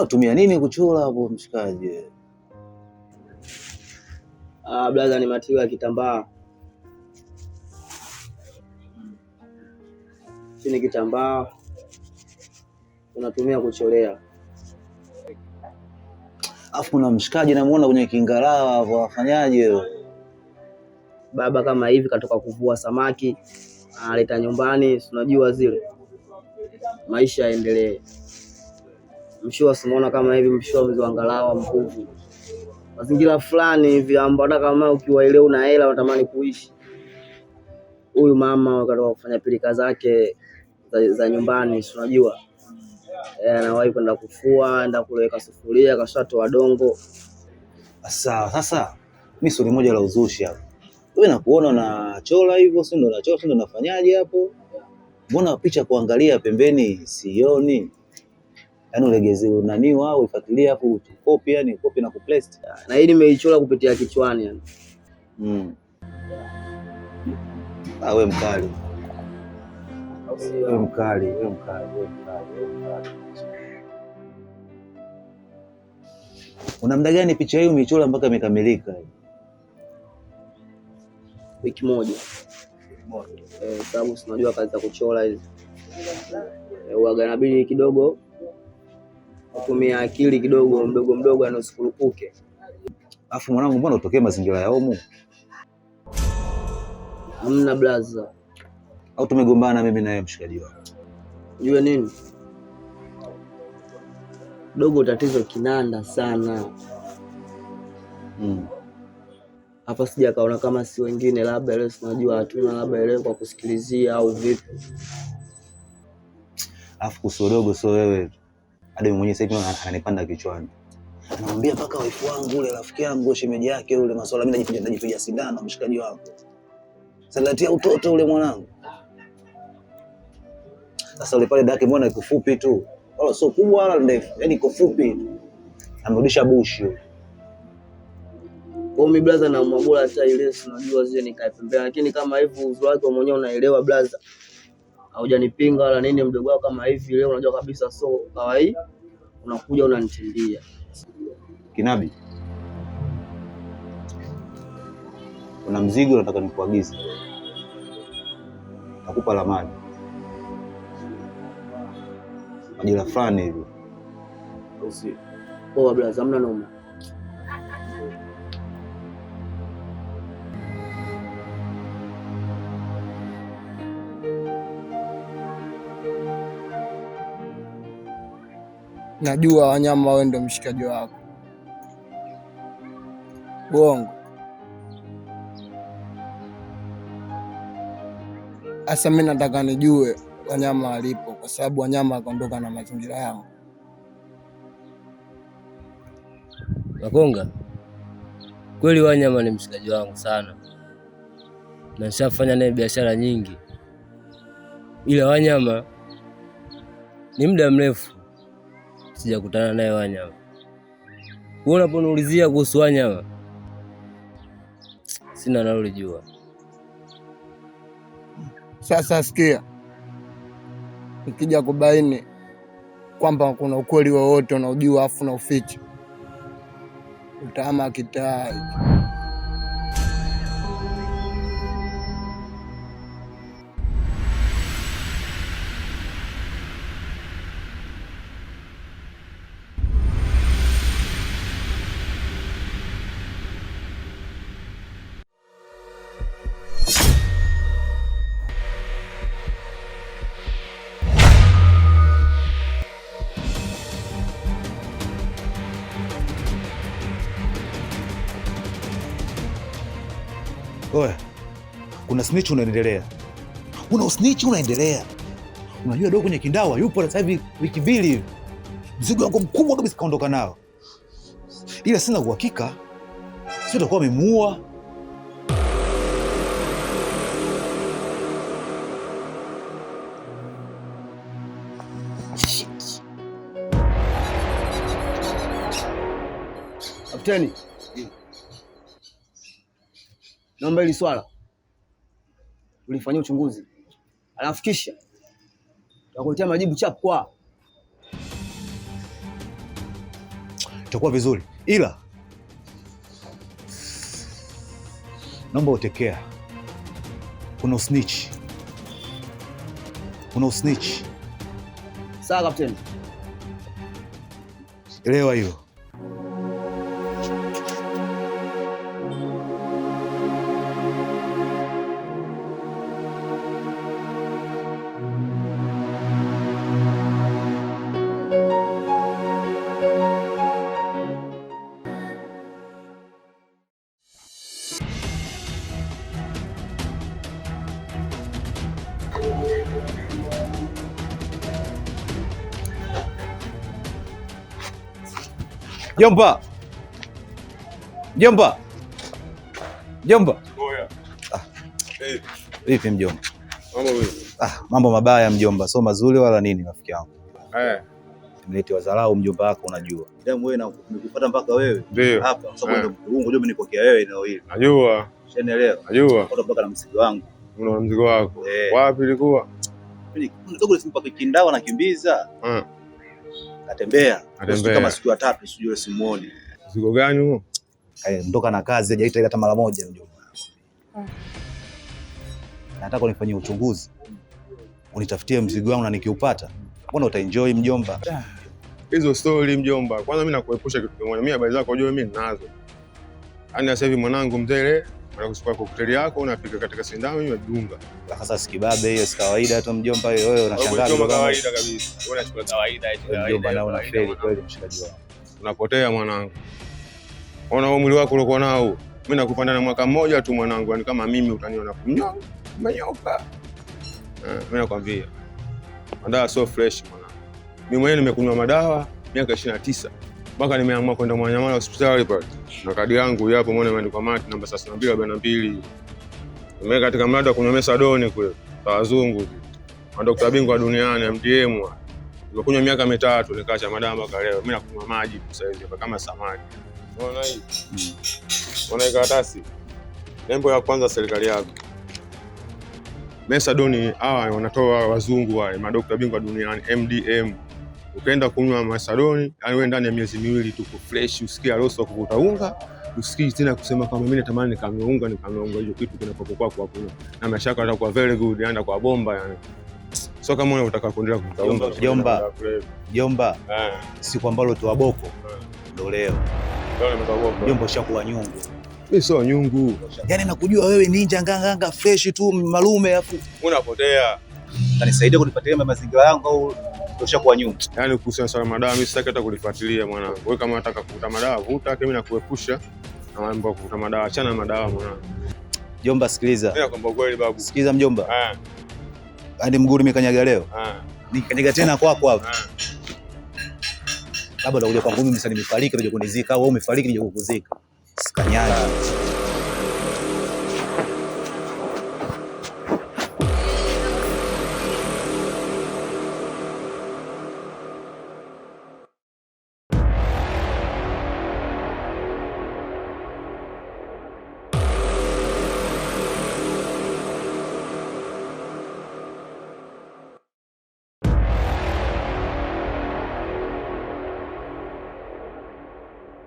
unatumia nini kuchora hapo mshikaji? Ah, blaza ni matiwa ya kitambaa. Chini kitambaa unatumia kuchorea. Afu kuna mshikaji namuona kwenye kingarawa hapo, afanyaje? Baba kama hivi katoka kuvua samaki, analeta nyumbani, unajua zile. Maisha yaendelee mshua simona kama hivi mshua mziwangalawa mkuvu mazingira fulani hivi ambao kama ukiwaelewa una hela unatamani kuishi. Huyu mama katoka kufanya pilika zake za, za nyumbani, si unajua eh, anawahi kwenda kufua, enda kuleweka sufuria, kashatoa dongo. Sasa sasa mimi swali moja la uzushi hapo, wewe nakuona chola hivyo, si ndo unachola, si ndo unafanyaje hapo? Mbona picha kuangalia pembeni sioni? yani ulegeze nani wao uifuatilia afu copy yani copy na kupaste. Ah, na hii nimeichora kupitia kichwani yani. Mm. Awe ah, mkali. awe mkali, awe mkali, awe mkali, Una muda gani picha hii umeichora mpaka imekamilika? Wiki moja. Eh, sababu sinajua kazi za kuchora hizi. Eh, Uaga inabidi kidogo kutumia akili kidogo mdogo mdogo, anasikurupuke. Afu mwanangu, mbona utokee mazingira ya homu? Hamna blaza, au tumegombana mimi naye mshikaji wako? Jua nini dogo, tatizo kinanda sana hmm. Hapa sija kaona kama si wengine, labda leo sinajua hatuna, labda leo kwa kusikilizia au vipi? Afu kusodogo, so wewe hadi mwenyewe sasa hivi ananipanda kichwani, anamwambia paka waifu wangu ule, rafiki yangu shemeji yake ule masuala, mimi najipiga najipiga sindano mshikaji wangu salatia utoto ule mwanangu. Sasa ule pale dake mbona iko fupi tu, wala sio kubwa wala ndefu, yani iko fupi amerudisha bushi mi blaza, na umwagola hata ile sinajua zile nikae pembea, lakini kama hivyo uzuri wake mwenyewe unaelewa blaza haujanipinga wala nini, mdogo wako kama hivi leo, unajua kabisa so kawaida, unakuja unanitindia Kinabi, kuna mzigo unataka nikuagize, nakupa ramani majira fulani hivi. Poa blaza, hamna noma. najua wanyama wewe ndio mshikaji wako. Bongo asa, mimi nataka nijue wanyama walipo, kwa sababu wanyama wakaondoka na mazingira yao Makonga, kweli wanyama ni mshikaji wangu sana, na nishafanya naye biashara nyingi, ila wanyama ni muda mrefu sijakutana naye Wanyama. Wewe unaponiulizia kuhusu Wanyama, sina nalolijua. Sasa sikia, nikija kubaini kwamba kuna ukweli wowote unaojua afu na uficha, utaama kitaa hiki. Oya, kuna snitch unaendelea, una snitch unaendelea. Unajua dogo kwenye kindawa yupo sasa hivi wiki mbili hivi, mzigo wangu mkubwa kabisa kaondoka nao, ila sina uhakika, sio takuwa amemuua kapteni naomba hili swala ulifanyia uchunguzi, alafu kisha tutakuletea majibu kwa itakuwa vizuri, ila naomba utekea. Kuna snitch, kuna usnichi. Sawa kapteni, elewa hilo. Jomba. Jomba. Jomba. Ah. Hey. Vipi mjomba? Mambo vipi? Ah, mambo mabaya mjomba, sio mazuri wala nini rafiki yangu. Eh. Mlete wadharau mjomba wako unajua. Damu wewe na nimekupata mpaka wewe. Ndio. Hapa kwa sababu eh. ndio unajua umenipokea wewe eneo hili. Najua. Unaelewa? Najua. Kwa mpaka na mzigo wangu. Una mzigo wako. Eh. Wapi ilikuwa? Mimi ndogo kikindao na kimbiza eh katembea kama siku ya tatu, sijui simuoni. Siku gani huo? Kaondoka eh, na kazi, hajaita hata mara moja mjomba. Nataka unifanyie uchunguzi, unitafutie mzigo wangu, na nikiupata, mbona utaenjoy mjomba. Hizo story mjomba, kwanza mimi nakuepusha kitu kimoja. Mimi habari zako unajua mimi ninazo. Yaani sasa hivi mwanangu mzee kuchukua kokteli yako unafika katika sindano hiyo unadunga. Sasa si hiyo, si kawaida tu mjomba, wewe unashangaa kawaida kabisa. unachukua kawaida hiyo mjomba, na unafeli kweli mshikaji wangu. Unapotea mwanangu. Ona umri wako uliokuwa nao. Mimi nakupanda na mwaka mmoja tu mwanangu, yani kama mimi utaniona kunyoka. Umenyoka. Eh, mimi nakwambia. Madawa sio fresh mwanangu. Mimi mwenyewe nimekunywa madawa miaka 29 mpaka nimeamua kwenda Mwananyamala hospitali pale, na kadi yangu yapo mbona imeandikwa mati namba 32 42 nimeweka katika mradi wa kunyomesa doni kule kwa wazungu na daktari bingwa duniani MDM. Nimekunywa miaka mitatu nikaacha madawa mpaka leo. Mimi nakunywa maji kwa sababu hapa kama samaki. Unaona hii? Hmm. Unaona hii karatasi? Nembo ya kwanza serikali yako. Methadone hawa wanatoa wazungu wale madokta bingwa duniani MDM ukaenda kunywa masaloni, yani wewe ndani ya miezi miwili tu fresh, usikie harusi kuvuta unga, usikii tena kusema kama mimi natamani nikameunga nikameunga. Hiyo kitu kinapokuwa kwako hakuna, na maisha yako yatakuwa very good, yanaenda kwa bomba yani. So kama wewe unataka kuendelea kuvuta unga, jomba jomba, eh. siku ambalo tu boko eh. ndo leo. Jomba shakuwa nyungu. Mimi sio nyungu. yani nakujua wewe ninja nganganga fresh tu malume, afu unapotea. Kanisaidia kunipatia mazingira yangu au ushakuwa nyuma. Yani kuhusiana sana madawa, mimi sitaki hata kulifuatilia mwanangu. Wewe kama unataka kuvuta madawa vuta, mimi nakuepusha na mambo ya kuvuta madawa, achana na madawa mwanangu. Jomba sikiliza. Ndio kwamba kweli babu. Sikiliza mjomba. Ah. Hadi mguu nimekanyaga leo. Ah. Nikanyaga tena kwako hapo. Ah. Labda utakuja kwangu mimi, sasa nimefariki, utakuja kunizika au umefariki, utakuja kukuzika. Sikanyaga.